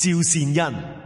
趙善人。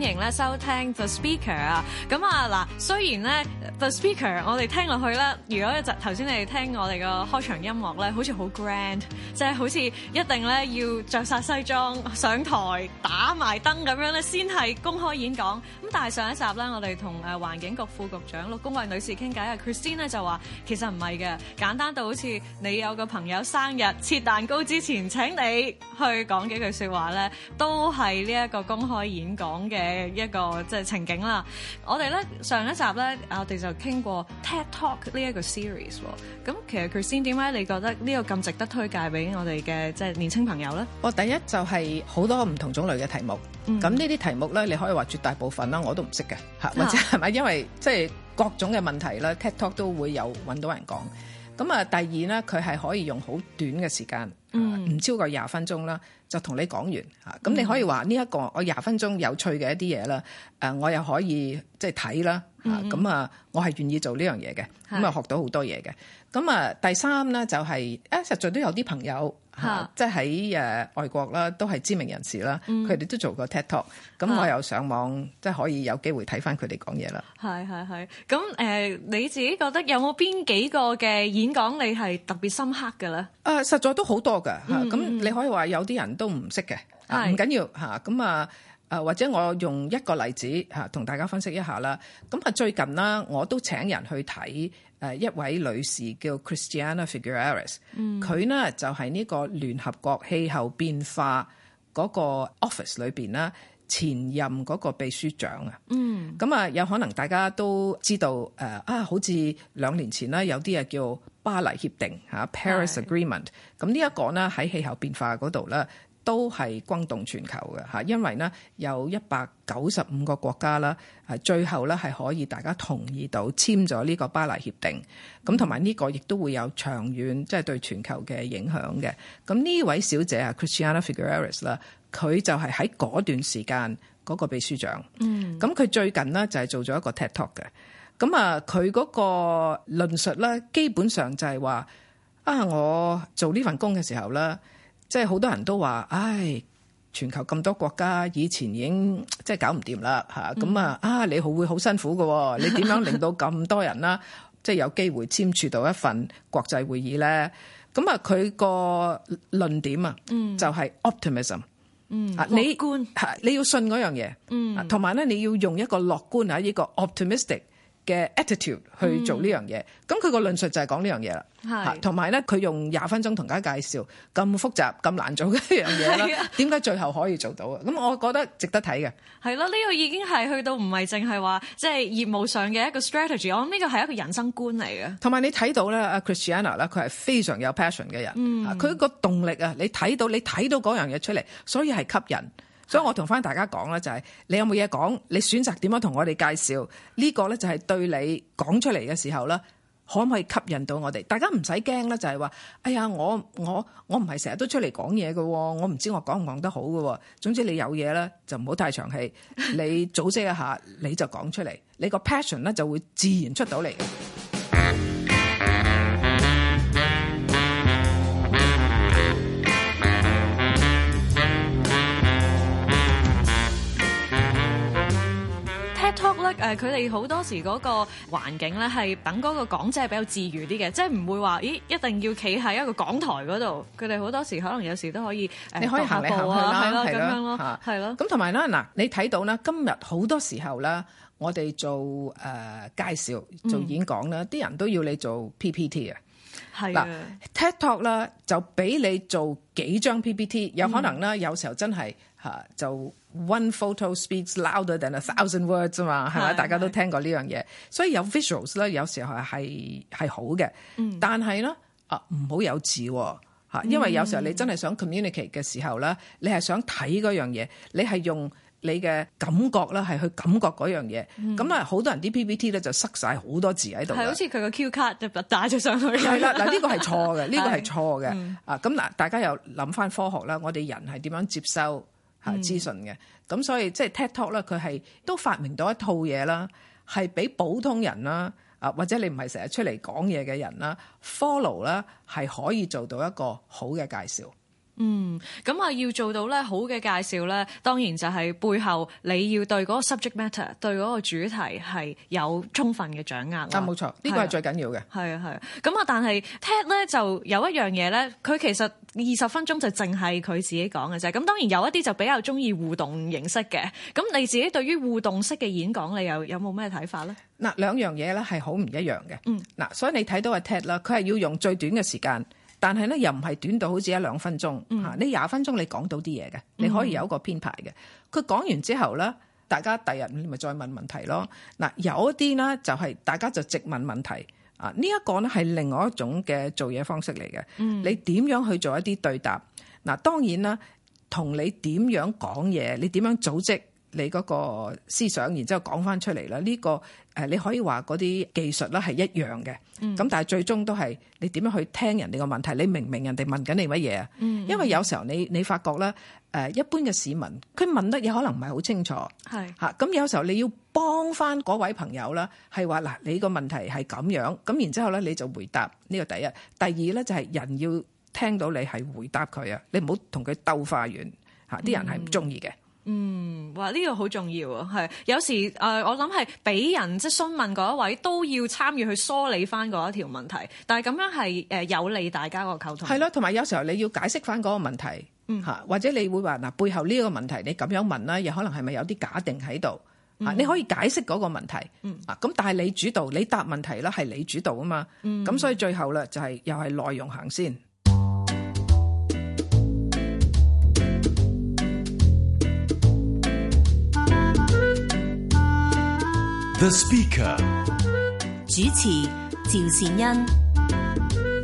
歡迎咧收聽 The Speaker 啊，咁啊嗱，雖然咧 The Speaker 我哋聽落去咧，如果就頭先你哋聽我哋個開場音樂咧，好似好 grand，即係好似一定咧要着晒西裝上台打埋燈咁樣咧，先係公開演講。咁但係上一集咧，我哋同誒環境局副局長陸恭蕙女士傾偈啊，Christine 咧就話其實唔係嘅，簡單到好似你有個朋友生日切蛋糕之前，請你去講幾句說話咧，都係呢一個公開演講嘅。誒，一個即係、就是、情景啦。我哋咧上一集咧，我哋就傾過 TED Talk 呢一個 series，喔。咁其實 Christine，點解你覺得呢個咁值得推介俾我哋嘅即係年輕朋友咧？我第一就係好多唔同種類嘅題目。咁呢啲題目咧，你可以話絕大部分啦，我都唔識嘅吓，或者係咪？因為即係、就是、各種嘅問題咧，TED Talk 都會有揾到人講。咁啊，第二咧，佢係可以用好短嘅時間，唔超過廿分鐘啦，就同你講完嚇。咁你可以話呢一個我廿分鐘有趣嘅一啲嘢啦，誒，我又可以即係睇啦。咁啊，我係願意做呢樣嘢嘅，咁啊學到好多嘢嘅。咁啊，第三咧就係誒，實在都有啲朋友。嚇！即喺誒外國啦，都係知名人士啦，佢哋、嗯、都做過 TED Talk。咁我又上網，即係、啊、可以有機會睇翻佢哋講嘢啦。係係係。咁誒、呃，你自己覺得有冇邊幾個嘅演講你係特別深刻嘅咧？誒、啊，實在都好多㗎嚇！咁、嗯嗯啊、你可以話有啲人都唔識嘅，唔緊要嚇。咁啊誒，或者我用一個例子嚇同大家分析一下啦。咁啊，最近啦，我都請人去睇。誒一位女士叫 Christiana Figueres，佢、嗯、呢就係、是、呢個聯合國氣候變化嗰個 office 裏面啦，前任嗰個秘書長啊。嗯，咁啊有可能大家都知道誒啊，好似兩年前啦，有啲啊叫巴黎協定嚇 Paris Agreement，咁是呢一個咧喺氣候變化嗰度啦，都係轟動全球嘅，因為呢有一百九十五個國家啦，最後呢係可以大家同意到簽咗呢個巴黎協定。咁同埋呢個亦都會有長遠，即係對全球嘅影響嘅。咁呢、嗯、位小姐啊，Christiana Figueres 啦，佢、嗯、就係喺嗰段時間嗰、那個秘書長。嗯，咁佢最近呢就係做咗一個 TED Talk 嘅。咁啊，佢嗰個論述呢，基本上就係話啊，我做呢份工嘅時候呢。」即係好多人都話，唉，全球咁多國家以前已經即係搞唔掂啦，咁、嗯、啊，啊你好會好辛苦嘅，你點樣令到咁多人啦， 即係有機會簽署到一份國際會議咧？咁啊，佢個論點啊，嗯，就係 optimism，嗯，樂觀，你要信嗰樣嘢，嗯，同埋咧你要用一個樂觀啊，呢個 optimistic。嘅 attitude 去做呢樣嘢，咁佢個論述就係講呢樣嘢啦。是同埋咧，佢用廿分鐘同大家介紹咁複雜咁難做嘅一樣嘢啦。點解最後可以做到啊？咁我覺得值得睇嘅。係咯，呢個已經係去到唔係淨係話，即係業務上嘅一個 strategy。我諗呢個係一個人生觀嚟嘅。同埋你睇到咧，啊 Christiana 咧，佢係非常有 passion 嘅人。佢個、嗯、動力啊，你睇到，你睇到嗰樣嘢出嚟，所以係吸引。所以我同翻大家講啦，就係你有冇嘢講，你選擇點樣同我哋介紹呢個呢，就係對你講出嚟嘅時候呢，可唔可以吸引到我哋？大家唔使驚啦，就係話，哎呀，我我我唔係成日都出嚟講嘢嘅，我唔知我講唔講得好嘅。總之你有嘢呢就唔好太長氣，你組織一下你就講出嚟，你個 passion 呢就會自然出到嚟。誒佢哋好多時嗰個環境咧，係等嗰個講者比較自如啲嘅，即係唔會話，咦，一定要企喺一個講台嗰度。佢哋好多時可能有時都可以，呃、你可以行嚟行去啦，係咯嚇，係咯的。咁同埋咧，嗱，你睇到咧，今日好多時候咧，我哋做誒介紹、做演講咧，啲、嗯、人都要你做 PPT 啊。係嗱的 TED Talk 啦，就俾你做幾張 PPT，有可能咧，有時候真係嚇、呃、就。One photo speaks louder than a thousand words 啊嘛，係嘛？大家都聽過呢樣嘢，是所以有 visuals 咧，有時候係係好嘅。嗯、但係咧啊，唔好有字吓、哦，因為有時候你真係想 communicate 嘅時候咧，你係想睇嗰樣嘢，你係用你嘅感覺咧，係去感覺嗰樣嘢。咁啊、嗯，好多人啲 PPT 咧就塞晒好多字喺度，好似佢個 Q 卡就打咗上去。係啦，嗱，呢個係錯嘅，呢個係錯嘅。啊，咁嗱，大家又諗翻科學啦，我哋人係點樣接收？吓資訊嘅，咁、啊嗯、所以即係 TED Talk 咧，佢、就、係、是、都發明到一套嘢啦，係俾普通人啦，啊或者你唔係成日出嚟講嘢嘅人啦、嗯、，follow 啦，係可以做到一個好嘅介紹。嗯，咁啊要做到咧好嘅介紹咧，當然就係背後你要對嗰個 subject matter，對嗰個主題係有充分嘅掌握。咁啊，冇錯，呢個係最緊要嘅。係啊係啊，咁啊但係 Ted 咧就有一樣嘢咧，佢其實二十分鐘就淨係佢自己講嘅啫。咁當然有一啲就比較中意互動形式嘅。咁你自己對於互動式嘅演講，你又有冇咩睇法咧？嗱，兩樣嘢咧係好唔一樣嘅。嗯，嗱，所以你睇到阿 Ted 啦，佢係要用最短嘅時間。但係咧，又唔係短到好似一兩分鐘嚇，嗯啊，你廿分鐘你講到啲嘢嘅，你可以有一個編排嘅。佢講、嗯、哼完之後咧，大家第日你咪再問問題咯。嗱、啊，有一啲咧就係、是、大家就直問問題啊，呢一個咧係另外一種嘅做嘢方式嚟嘅。嗯、你點樣去做一啲對答？嗱、啊，當然啦，同你點樣講嘢，你點樣組織？你嗰個思想，然之後講翻出嚟啦。呢、這個誒，你可以話嗰啲技術啦係一樣嘅。咁、嗯、但係最終都係你點樣去聽人哋個問題？你明唔明人哋問緊你乜嘢啊？嗯、因為有時候你你發覺咧誒，一般嘅市民佢問得嘢可能唔係好清楚。係嚇是，咁、嗯、有時候你要幫翻嗰位朋友啦，係話嗱，你個問題係咁樣，咁然之後咧你就回答呢、這個第一，第二咧就係人要聽到你係回答佢啊，你唔好同佢鬥花園嚇，啲人係唔中意嘅。嗯嗯，話呢、呢個好重要啊，係有時誒、呃，我諗係俾人即係詢問嗰一位都要參與去梳理翻嗰一條問題，但係咁樣係有利大家個溝通。係咯，同埋有時候你要解釋翻嗰個問題，嗯、或者你會話嗱，背後呢一個問題你咁樣問啦，又可能係咪有啲假定喺度、嗯、你可以解釋嗰個問題，啊咁、嗯，但係你主導，你答問題啦係你主導啊嘛，咁、嗯、所以最後啦、就係，就係又係內容行先。The Speaker 主持趙善恩，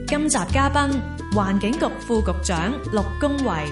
今集嘉賓環境局副局長陸恭蕙。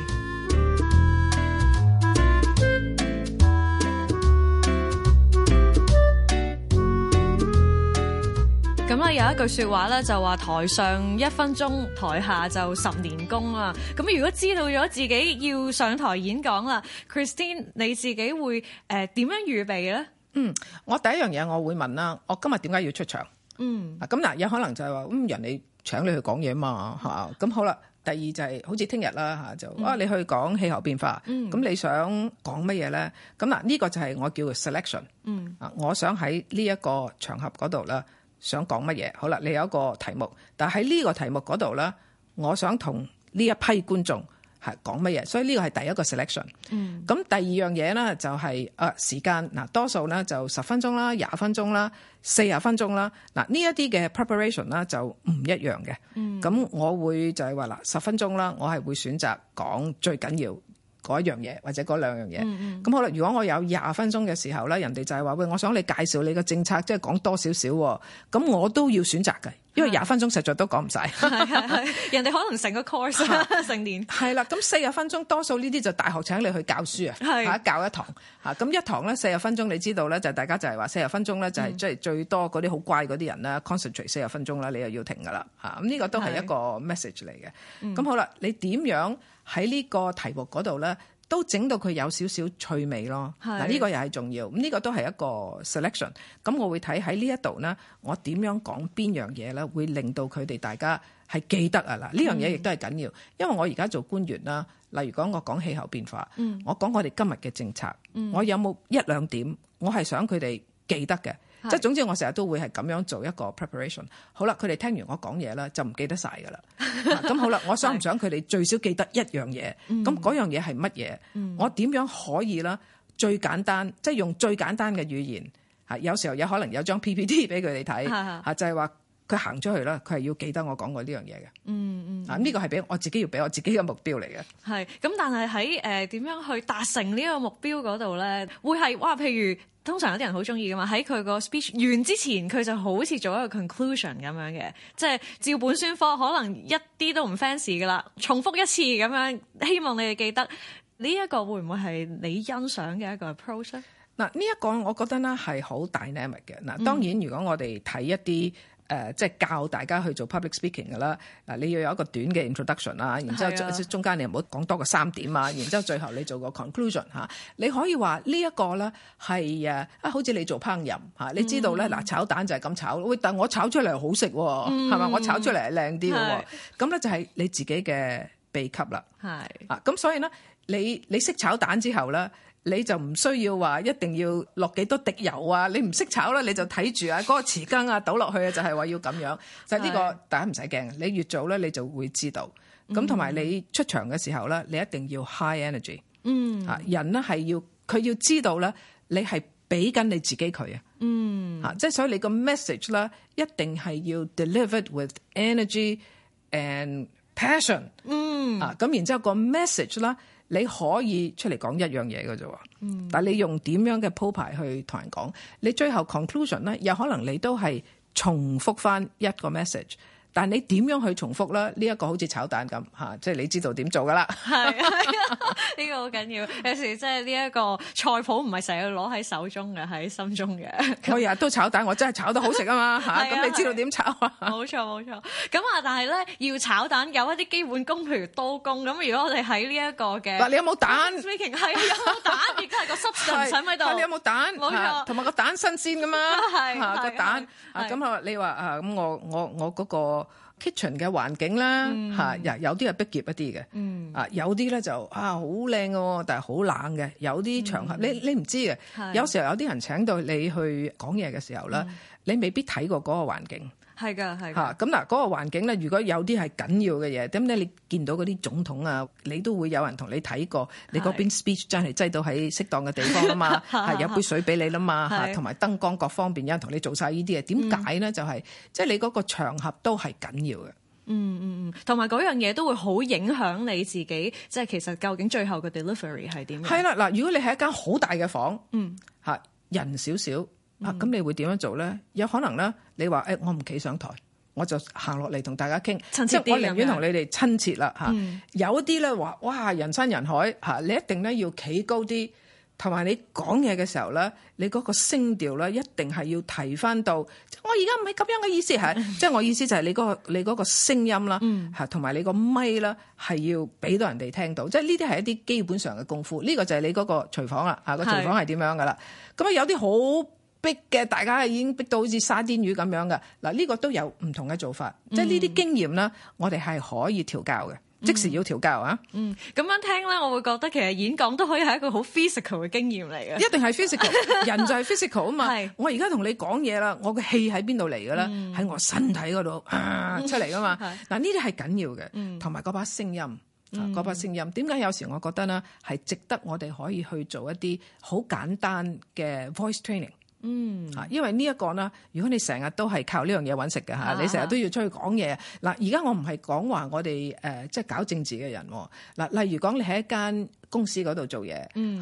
咁有一句說話咧，就話台上一分鐘，台下就十年功啦。咁如果知道咗自己要上台演講啦，Christine 你自己會誒點、呃、樣預備咧？嗯，我第一樣嘢我會問啦，我、哦、今日點解要出場？嗯，咁嗱、啊、有可能就係話，咁、嗯、人哋請你去講嘢嘛，嚇、嗯，咁、啊、好啦。第二就係、是、好似聽日啦嚇，就啊你去講氣候變化，咁、嗯啊、你想講乜嘢咧？咁嗱呢個就係我叫 selection，嗯、啊，我想喺呢一個場合嗰度啦，想講乜嘢？好啦，你有一個題目，但喺呢個題目嗰度咧，我想同呢一批觀眾，係講乜嘢？所以呢個係第一個 selection。咁、嗯、第二樣嘢呢、就係，就係啊時間嗱，多數呢，就十分鐘啦、廿分鐘啦、四十分鐘啦。嗱呢一啲嘅 preparation 啦就唔一樣嘅。咁、嗯、我會就係話啦，十分鐘啦，我係會選擇講最緊要嗰一樣嘢或者嗰兩樣嘢。咁、嗯嗯、好啦，如果我有廿分鐘嘅時候呢，人哋就係話喂，我想你介紹你個政策，即係講多少少。咁我都要選擇嘅。因為廿分鐘實在都講唔晒，人哋可能成個 course 成年係啦。咁 四十分鐘多數呢啲就大學請你去教書啊，嚇啊教一堂嚇，咁一堂咧四十分鐘，你知道咧就大家就係話四十分鐘咧就係即係最多嗰啲好乖嗰啲人啦，concentrate 四十分鐘啦，你又要停噶啦嚇，咁呢個都係一個 message 嚟嘅。咁好啦，你點樣喺呢個題目嗰度咧？都整到佢有少少趣味咯，嗱呢的個又係重要，咁、這、呢個都係一個 selection。咁我會睇喺呢一度呢，我點樣講邊樣嘢咧，會令到佢哋大家係記得啊嗱，呢樣嘢亦都係緊要，嗯、因為我而家做官員啦，例如講我講氣候變化，嗯、我講我哋今日嘅政策，我有冇一兩點，我係想佢哋記得嘅。即係是總之，我成日都會係咁樣做一個 preparation。好啦，佢哋聽完我講嘢咧，就唔記得晒㗎啦。咁、 啊、好啦，我想唔想佢哋最少記得一樣嘢？咁嗰樣嘢係乜嘢？我點樣可以啦？最簡單，即係用最簡單嘅語言嚇。有時候有可能有張 PPT 俾佢哋睇嚇，是啊、就係話佢行出去啦，佢係要記得我講過呢樣嘢嘅。嗯嗯。啊，呢個係俾我自己要俾我自己嘅目標嚟嘅。係。咁但係喺誒點樣去達成呢個目標嗰度咧，會係哇，譬如。通常有啲人好中意噶嘛，喺佢個 speech 完之前，佢就好似做一個 conclusion 咁樣嘅，即係照本宣科，可能一啲都唔 fancy 噶啦，重複一次咁樣，希望你哋記得呢一個，會唔會係你欣賞嘅一個 approach？嗱，呢一個我覺得咧係好 dynamic 嘅。嗱，當然如果我哋睇一啲。誒、呃，即係教大家去做 public speaking 㗎啦。嗱、啊，你要有一個短嘅 introduction 啦，然之後是、啊、中間你唔好講多過三點啊，然之後最後你做個 conclusion 嚇、啊。你可以話呢一個咧係誒啊，好似你做烹飪嚇、啊，你知道咧嗱、嗯、炒蛋就係咁炒，喂，但我炒出嚟好食係咪？我炒出嚟係靚啲喎。咁咧是的 就係你自己嘅秘笈啦。係是的 啊，咁所以咧，你你識炒蛋之後咧。你就唔需要話一定要落幾多滴油啊！你唔識炒啦，你就睇住啊嗰、那個匙羹啊， 倒落去啊，就係話要咁樣。就呢、是、個大家唔使驚，是你越早咧你就會知道。咁同埋你出場嘅時候咧，你一定要 high energy。嗯，吓人咧係要佢要知道咧，你係俾緊你自己佢啊。嗯，吓即係所以你個 message 啦，一定係要 delivered with energy and passion。嗯，咁然之後個 message 啦。你可以出嚟講一樣嘢嘅啫，嗯、但係你用點樣嘅鋪排去同人講，你最後 conclusion 咧，有可能你都係重複翻一個 message。但你點樣去重複咧？呢、這、一個好似炒蛋咁嚇，即、啊、係、就是、你知道點做噶啦。係啊，呢個好緊要。有時即係呢一個菜譜唔係成日攞喺手中嘅，喺心中嘅。我日、哎、都炒蛋，我真係炒得好食 啊嘛嚇。咁、啊、你知道點炒啊？冇錯冇錯。咁啊，但係咧要炒蛋有一啲基本功，譬如刀工。咁如果我哋喺呢一個嘅，嗱你有冇蛋係有冇蛋？而家係個濕水唔使喺度。你有冇蛋？冇錯。同埋個蛋新鮮噶嘛？係、 啊那個蛋咁 啊！你話啊咁我我我嗰、那個。Kitchen 嘅環境啦、嗯，有、嗯、有啲係逼仄一啲嘅，啊，有啲咧就啊好靚喎，但係好冷嘅，有啲場合，嗯、你你唔知嘅，的有時候有啲人請到你去講嘢嘅時候咧，嗯、你未必睇過嗰個環境。係噶，係。嚇咁嗱，嗰個環境咧，如果有啲係緊要嘅嘢，點解你見到嗰啲總統啊，你都會有人同你睇過，你嗰邊 speech 真係擠到喺適當嘅地方啊嘛，係 有杯水俾你啦嘛，嚇的，同埋燈光各方面有人同你做晒呢啲嘢，點解咧？就係即係你嗰個場合都係緊要嘅、嗯。嗯嗯嗯，同埋嗰樣嘢都會好影響你自己，即係其實究竟最後嘅 delivery 係點樣？係啦，嗱，如果你係一間好大嘅房，嗯，嚇人少少。啊，咁你會點樣做咧？有可能咧，你話誒、欸，我唔企上台，我就行落嚟同大家傾，即我寧願同你哋親切啦、嗯、有啲咧話哇，人山人海你一定咧要企高啲，同埋你講嘢嘅時候咧，你嗰個聲調咧一定係要提翻到。我而家唔係咁樣嘅意思係，即 我意思就係你嗰、嗰個你個聲音啦同埋你個咪啦，係要俾到人哋聽到。即係呢啲係一啲基本上嘅功夫，呢、呢個就係你嗰個廚房啦嚇，個廚房係點樣噶啦？咁啊是有啲好。逼嘅，大家已經逼到好似沙甸魚咁樣嘅嗱。呢、這個都有唔同嘅做法，嗯、即係呢啲經驗啦。我哋係可以調教嘅，嗯、即時要調教啊！嗯，咁樣聽咧，我會覺得其實演講都可以係一個好 physical 嘅經驗嚟嘅，一定係 physical， 人就係 physical 啊嘛。是我而家同你講嘢啦，我嘅氣喺邊度嚟嘅啦，喺我身體嗰度、啊、出嚟噶嘛？嗱是，呢啲係緊要嘅，同埋嗰把聲音，嗰、嗯啊、把聲音點解有時我覺得呢，係值得我哋可以去做一啲好簡單嘅 voice training。嗯嚇，因為呢一個咧，如果你成日都係靠呢樣嘢搵食嘅嚇，你成日都要出去講嘢。嗱，而家我唔係講話我哋誒即係搞政治嘅人喎。嗱，例如講你喺一間公司嗰度做嘢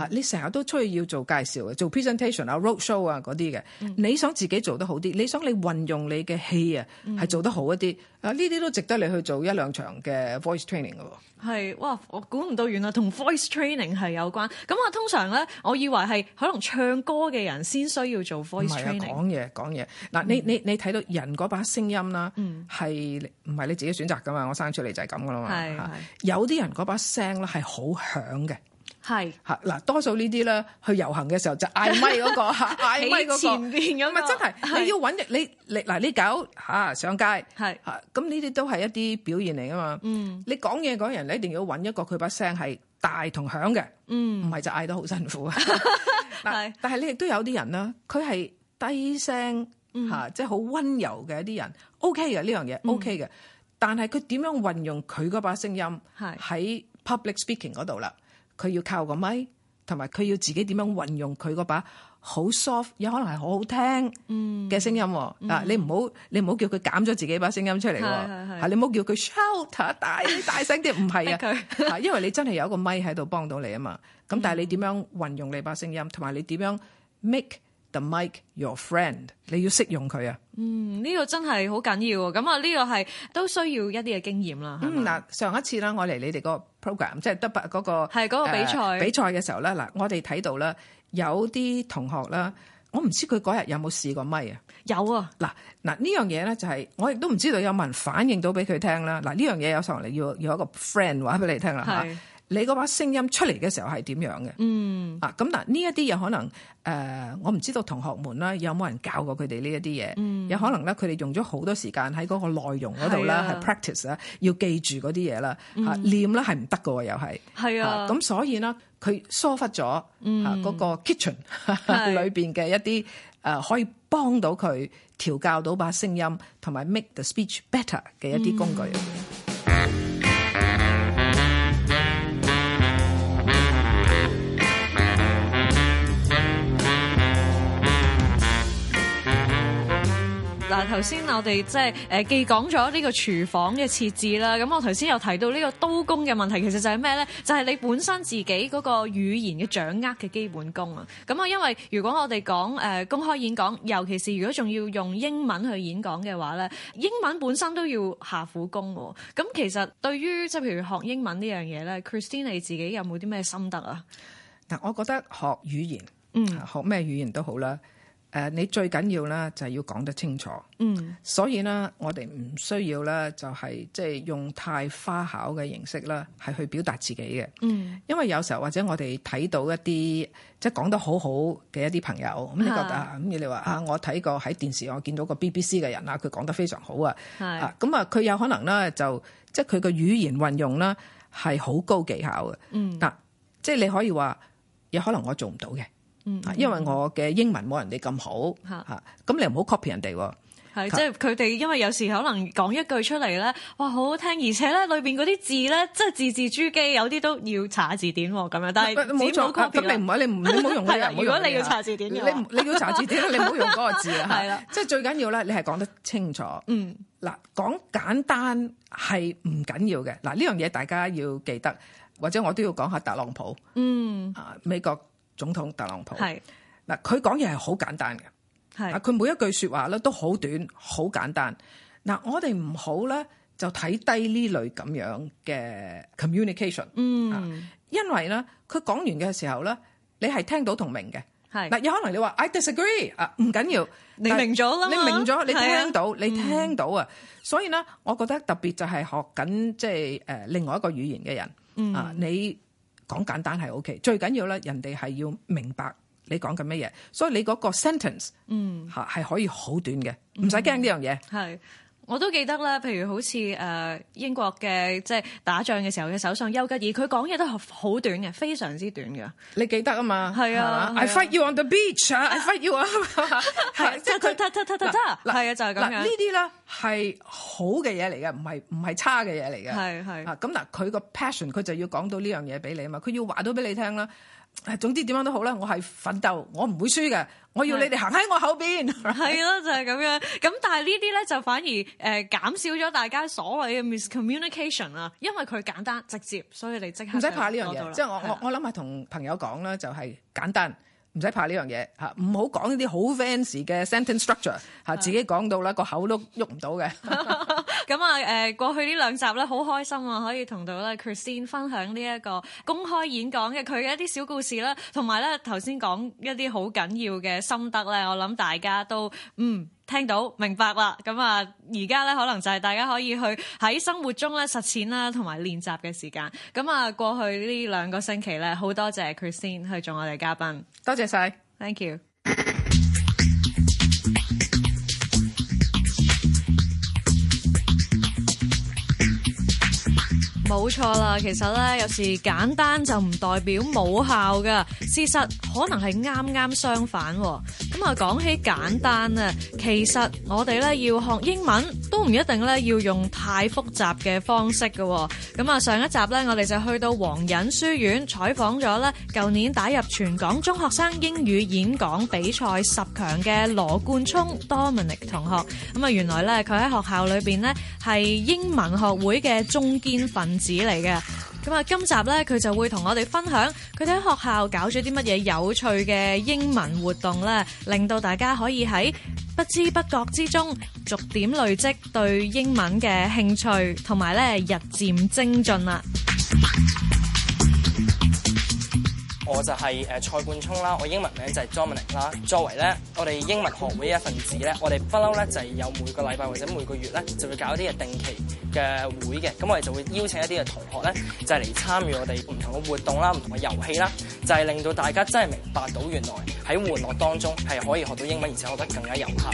你成日都出去要做介紹嘅，做 presentation 啊 road、roadshow 啊嗰啲嘅。你想自己做得好啲，你想你運用你嘅氣啊，係做得好一啲、嗯、啊，呢啲都值得你去做一兩場嘅 voice training 嘅喎。係哇，我估唔到原來同 voice training 係有關。咁啊，通常咧，我以為係可能唱歌嘅人先需要做 voice training、啊。講嘢講嘢嗱，你、嗯、你你睇到人嗰把聲音啦，係唔係你自己選擇㗎嘛？我生出嚟就係咁㗎啦嘛。係係，有啲人嗰把聲咧係好響嘅。係嚇嗱，多數呢啲咧去遊行嘅時候就嗌咪嗰個嚇，嗌咪嗰個咪真係你要揾你你嗱你搞嚇上街係嚇咁，呢啲都係一啲表現嚟啊嘛。嗯，你講嘢講人，你一定要揾一個佢把聲係大同響嘅。嗯，唔係就嗌得好辛苦啊。係，但係你亦都有啲人咧，佢係低聲嚇，即係好溫柔嘅一啲人，O K 嘅呢樣嘢 O K 嘅。但係佢點樣運用佢嗰把聲音係喺 public speaking 嗰度啦？佢要靠個咪，同埋佢要自己點樣運用佢嗰把好 soft，有可能係好好聽嘅聲音。啊，你唔好你唔好叫佢減咗自己把聲音出嚟，喎，你唔好叫佢 shout 大聲啲，唔係啊，因為你真係有一個咪喺度幫到你啊嘛。咁、嗯、但係你點樣運用你把聲音，同埋你點樣 make the mic your friend，你要適用佢啊。嗯，呢、呢個真係好緊要。咁啊，呢個係都需要一啲嘅經驗啦。嗯，嗱，上一次啦，我嚟你哋個 program 即係得伯嗰個係嗰、那個比賽、呃、比賽嘅時候咧嗱，我哋睇到啦有啲同學啦我唔知佢嗰日有冇試過麥啊有啊嗱嗱呢樣嘢咧就係、是、我亦都唔知道有冇人反應到俾佢聽啦嗱呢樣嘢有時候嚟要要一個 friend 話俾你聽啦吓你嗰把聲音出嚟嘅時候係點樣嘅？嗯啊咁嗱，呢一啲有可能誒、呃，我唔知道同學們啦，有冇人教過佢哋呢一啲嘢？嗯、有可能咧，佢哋用咗好多時間喺嗰個內容嗰度啦，係 practice 啦，practice，要記住嗰啲嘢啦，嚇、嗯啊、唸啦係唔得嘅喎，又係係啊，咁、啊、所以咧，佢疏忽咗嚇嗰個 kitchen 裏邊嘅、嗯、 一啲誒是、啊、可以幫到佢調教到把聲音同埋 make the speech better 嘅一啲工具。嗯。頭先我哋即係誒，既講咗呢個廚房嘅設置啦，咁我頭先又提到呢個刀工嘅問題，其實就係咩咧？就係、是、你本身自己嗰個語言嘅掌握嘅基本功啊！咁啊，因為如果我哋講誒公開演講，尤其是如果仲要用英文去演講嘅話咧，英文本身都要下苦功。咁其實對於即係譬如學英文呢樣嘢咧，Christine 你自己有冇啲咩心得啊？嗱，我覺得學語言，嗯，學咩語言都好啦。誒，你最緊要咧就係要講得清楚。嗯，所以咧，我哋唔需要咧，就係即係用太花巧嘅形式啦，係去表達自己嘅。嗯，因為有時候或者我哋睇到一啲即係講得好好嘅一啲朋友，咁你覺得咁是、啊、你話是啊，我睇過喺電視我見到個 BBC 嘅人啊，佢講得非常好是啊。係咁啊，佢有可能咧就即係佢嘅語言運用啦係好高技巧嘅。嗯，嗱、啊，即、就、係、是、你可以話有可能我做唔到嘅。因為我嘅英文冇人哋咁好吓，咁你唔好 copy 人哋。係即係佢哋，因為有時可能講一句出嚟咧，哇，好好聽，而且咧裏邊嗰啲字咧，即係字字珠璣，有啲都要查字典咁樣。但係唔好咁，咁你唔好你唔好用啦。如果你要查字典，你你要查字典，你唔好用嗰個字啊。係啦，即係最緊要咧，你係講得清楚。嗯，嗱，講簡單係唔緊要嘅。嗱，呢樣嘢大家要記得，或者我都要講下特朗普。嗯，美國。總統特朗普係嗱，佢講嘢係好簡單嘅，係佢是每一句説話咧都好短，好簡單。嗱，我哋唔好咧就睇低呢類咁樣嘅 communication，嗯，因為咧佢講完嘅時候咧，你係聽到同明嘅，係嗱是，有可能你話 I disagree 啊，唔緊要，你明咗啦，你明咗，你聽到，啊、你聽到啊，嗯、所以咧，我覺得特別就係學緊即係誒另外一個語言嘅人，啊、嗯，你。講簡單係 OK，最緊要咧，人哋係要明白你講緊乜嘢，所以你嗰個 sentence，嗯吓係可以好短嘅，唔使驚呢樣嘢。係、嗯。我都記得啦，譬如好似誒英國嘅即係打仗嘅時候嘅首相丘吉爾，佢講嘢都好短嘅，非常之短嘅。你記得啊嘛？係啊，I fight you on the beach，I、啊、fight you 啊，係即係佢，他他他他他，係啊，就係、是、咁樣。呢啲啦係好嘅嘢嚟嘅，唔係唔係差嘅嘢嚟嘅。係係啊，咁嗱佢個 passion 佢就要講到呢樣嘢俾你啊嘛，佢要話到俾你聽啦。總之點樣都好啦，我係奮鬥，我唔會輸嘅，我要你哋行喺我後邊，係咯，就係、是、咁樣。咁但係呢啲咧就反而誒減少咗大家所謂嘅 miscommunication 啦，因為佢簡單直接，所以你即刻唔使怕呢樣嘢。即係的我我我諗係同朋友講啦，就係、是、簡單，唔使怕呢樣嘢吓，唔好講呢啲好 fancy 嘅 sentence structure 吓，自己講到啦個的口都喐唔到嘅。 咁啊，誒過去呢兩集咧，好開心啊，可以同到咧 Christine 分享呢一個公開演講嘅佢嘅一啲小故事啦，同埋咧頭先講一啲好緊要嘅心得咧，我諗大家都嗯聽到明白啦。咁啊，而家咧可能就係大家可以去喺生活中咧實踐啦，同埋練習嘅時間。咁啊，過去呢兩個星期咧，好多謝 Christine 去做我哋嘉賓，多謝晒。thank you。冇錯啦，其實咧有時簡單就唔代表冇效噶，事實可能係啱啱相反。咁啊，講起簡單啊，其實我哋咧要學英文都唔一定咧要用太複雜嘅方式喎。咁啊，上一集咧我哋就去到黃隱書院採訪咗咧，舊年打入全港中學生英語演講比賽十強嘅羅冠聰 Dominic 同學。咁啊，原來咧佢喺學校裏邊呢係英文學會嘅中堅分子嚟嘅。咁啊，今集咧佢就會同我哋分享佢哋喺學校搞咗啲乜嘢有趣嘅英文活動咧，令到大家可以喺不知不覺之中逐點累積對英文嘅興趣，同埋咧日漸精進啦。我就係誒蔡冠聰啦，我英文名就係 Dominic 啦。作為咧，我哋英文學會嘅一份子咧，我哋不嬲咧就係有每個禮拜或者每個月咧就會搞一啲嘅定期嘅會嘅。咁我哋就會邀請一啲嘅同學咧，就係嚟參與我哋唔同嘅活動啦、唔同嘅遊戲啦，就係令到大家真係明白到原來喺玩樂當中係可以學到英文，而且學得更加有效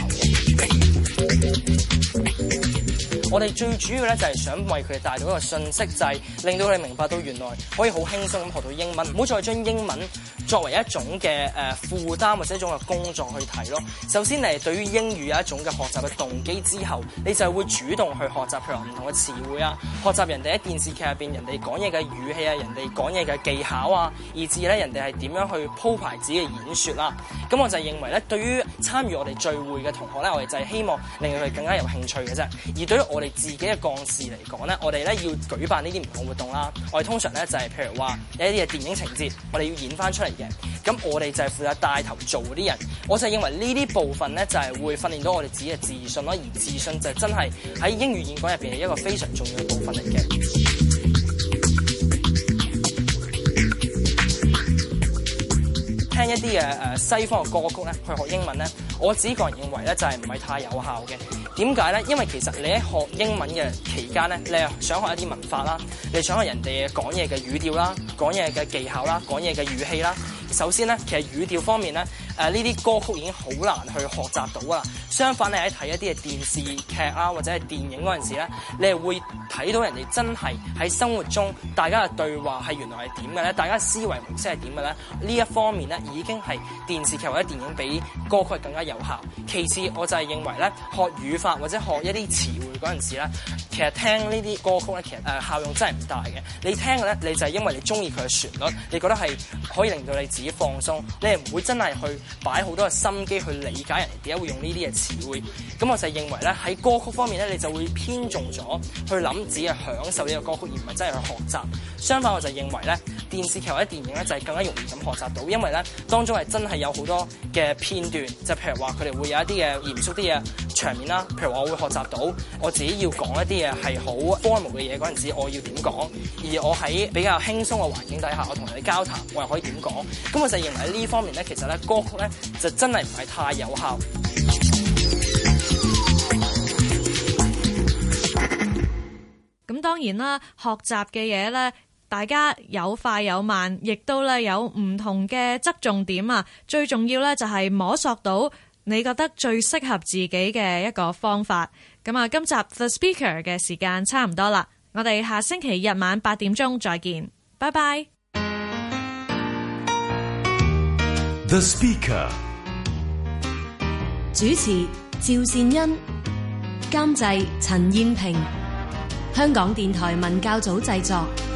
嘅。我哋最主要呢，就係想為佢哋帶到一個訊息，就係令到佢哋明白到原來可以好輕鬆咁學到英文，唔好再將英文，作為一種，嘅誒負擔，或者一種嘅工作去睇咯。首先嚟對於英語有一種嘅學習嘅動機之後，你就會主動去學習，譬如話唔同嘅詞彙啊，學習人哋喺電視劇入邊人哋講嘢嘅語氣啊，人哋講嘢嘅技巧啊，以至咧人哋係點樣去鋪排自己嘅演說啦。咁我就認為咧，對於參與我哋聚會嘅同學咧，我哋就係希望令佢哋更加有興趣嘅啫。而對於我哋自己嘅幹事嚟講咧，我哋咧要舉辦呢啲唔同活動啦。我哋通常咧就係譬如話有一啲嘅電影情節，我哋要演翻出嚟。咁我哋就係負責帶頭做嗰啲人，我就認為呢啲部分咧就係、是、會訓練到我哋自己嘅自信咯，而自信就真係喺英語演講入邊係一個非常重要嘅部分嚟嘅。嗯、聽一啲嘅誒西方嘅歌曲咧，去學英文咧，我自己個人認為咧就係唔係太有效嘅。點解咧？因為其實你喺學英文嘅期間咧，你又想學一啲文化啦，你想學人哋講嘢嘅語調啦，講嘢嘅技巧啦，講嘢嘅語氣啦。首先咧，其實語調方面咧。誒呢啲歌曲已經好難去學習到啦。相反，你喺睇一啲嘅電視劇啊，或者係電影嗰陣時咧，你係會睇到人哋真係喺生活中大家嘅對話係原來係點嘅咧，大家嘅思維模式係點嘅咧？呢一方面咧，已經係電視劇或者電影比歌曲更加有效。其次，我就係認為咧學語法或者學一啲詞彙，嗰陣時咧，其實聽呢啲歌曲咧，其實誒、呃、效用真係唔大嘅。你聽嘅咧，你就係因為你中意佢嘅旋律，你覺得係可以令到你自己放鬆，你係唔會真係去擺好多嘅心機去理解人哋點解會用呢啲嘅詞彙。咁我就認為咧，喺歌曲方面咧，你就會偏重咗去諗自己係享受呢個歌曲，而唔係真係去學習。相反，我就認為咧，電視劇或者電影咧，就係、是、更加容易咁學習到，因為咧當中係真係有好多嘅片段，就是、譬如話佢哋會有一啲嘅嚴肅啲嘅場面啦。譬如話，我會學習到。我自己要講一啲嘢係好 formal 嘅嘢嗰陣時，我要點講？而我喺比較輕鬆嘅環境底下，我同人哋交談，我又可以點講？咁我就認為呢方面呢，其實呢歌曲呢就真係唔係太有效。咁當然啦，學習嘅嘢呢，大家有快有慢，亦都咧有唔同嘅側重點啊。最重要呢，就係摸索到你覺得最適合自己嘅一個方法。咁啊，今集 The Speaker 嘅時間差唔多啦，我哋下星期日晚八點鐘再見，拜拜。The Speaker 主持趙善恩，監製陳燕萍，香港電台文教組製作。